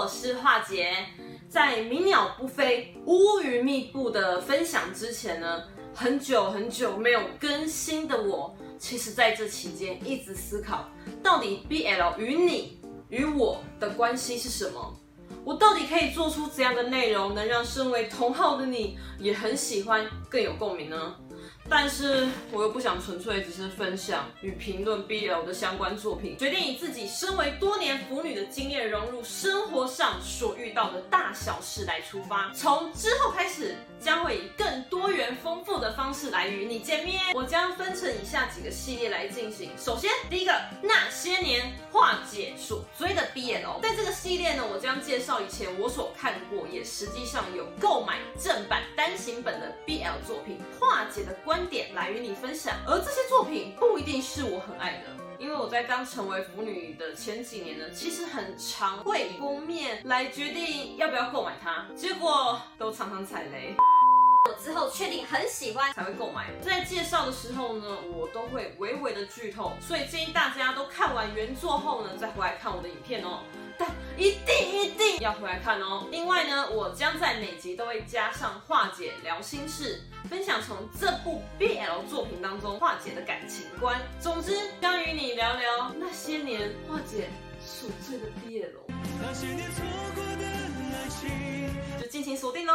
我是樺姐，在鳴鳥不飛、烏雲密佈的分享之前呢，很久很久沒有更新的我，其實在這期間一直思考，到底 BL 與你與我的關係是什麼？我到底可以做出怎樣的內容，能讓身為同好的你也很喜歡，更有共鳴呢？但是我又不想純粹只是分享與評論 BL 的相關作品，決定以自己身為多年腐女的經驗，融入生活上所遇到的大小事來出發。從之後開始，將會以更多元豐富的方式來與你見面。我將分成以下幾個系列來進行。首先，第一個，那些年樺姐所追的 BL，在這個系列呢，我將介紹以前我所看過，也實際上有購買正版單行本的 BL 作品樺姐的。觀點來與你分享，而這些作品不一定是我很愛的，因為我在剛成為腐女的前幾年呢，其實很常會以封面來決定要不要購買它，結果都常常踩雷。我之後確定很喜歡才會購買，在介紹的時候呢，我都會微微的劇透，所以建議大家都看完原作後呢，再回來看我的影片哦。但一定一定要回來看哦！另外呢，我將在每集都會加上樺姐聊心事，分享從這部 BL 作品當中樺姐的感情觀。總之，將與你聊聊那些年樺姐追的 BL，那些年錯過的愛情，就盡情鎖定嘍！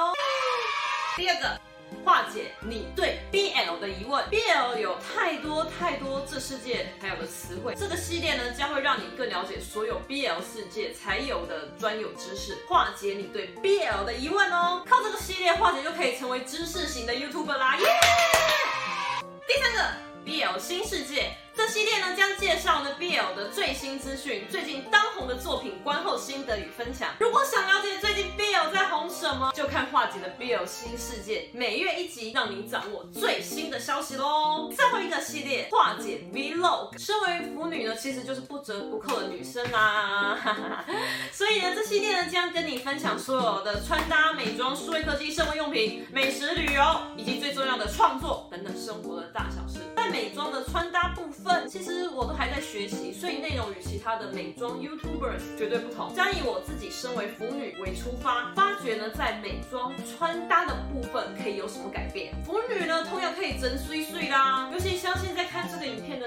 第二個。化解你對 BL 的疑問，BL 有太多太多這世界才有的詞彙，這個系列呢將會讓你更了解所有 BL 世界才有的專有知識，化解你對 BL 的疑問哦。靠這個系列化解就可以成為知識型的 YouTuber 啦，耶、yeah!！ 第三個 BL 心世界，這系列呢將介紹呢 BL 的最新資訊，最近當紅的作品觀後心得與分享。如果想了解最近 BL 在就看化解的 Bill 新世界，每月一集，讓您掌握最新的消息嘍！最後一個系列，化解 b l 身為腐女呢，其實就是不折不扣的女生啦。 所以呢，這系列呢將跟你分享所有的穿搭、美妝、數位科技、生活用品、美食、旅遊以及最重要的創作等等生活的大小事。在美妝的穿搭部分，其實我都還在學習，所以內容與其他的美妝 YouTuber 絕對不同，將以我自己身為腐女為出發，發掘呢在美妝穿搭的部分可以有什麼改變。腐女呢同樣可以整水水啦，尤其是。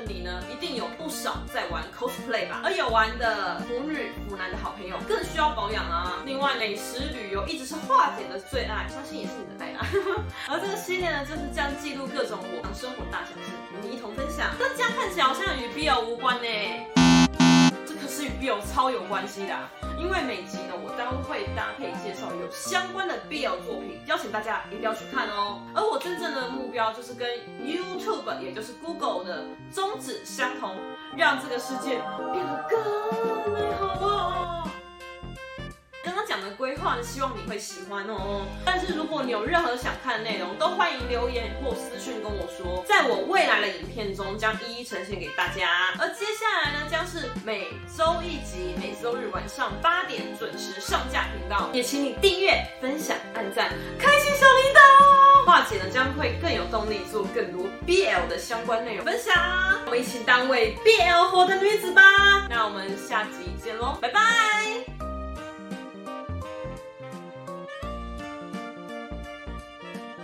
你呢，一定有不少在玩 cosplay 吧？而有玩的腐女、腐男的好朋友更需要保養啊！另外，美食旅遊一直是樺姐的最愛，相信也是你的最愛。 而這個系列呢，就是將記錄各種我們生活大小事，與你一同分享。這這樣看起來好像與 B L 無關呢、欸， 這可是與 B L 超有關係的、啊。因為每集呢，我都會搭配介紹有相關的 BL 作品，邀請大家一定要去看哦。而我真正的目標就是跟 YouTube，也就是 Google 的宗旨相同，讓這個世界變得更美好哦。希望你會喜歡哦！但是如果你有任何想看的內容，都歡迎留言或私訊跟我說，在我未來的影片中將一一呈現給大家。而接下來呢，將是每週一集，每週日晚上八點準時上架頻道，也請你訂閱、分享、按讚，開啟小鈴鐺！樺姐呢將會更有動力做更多 BL 的相關內容分享，我們一起當為 BL 活的女子吧！那我們下集見嘍，拜拜！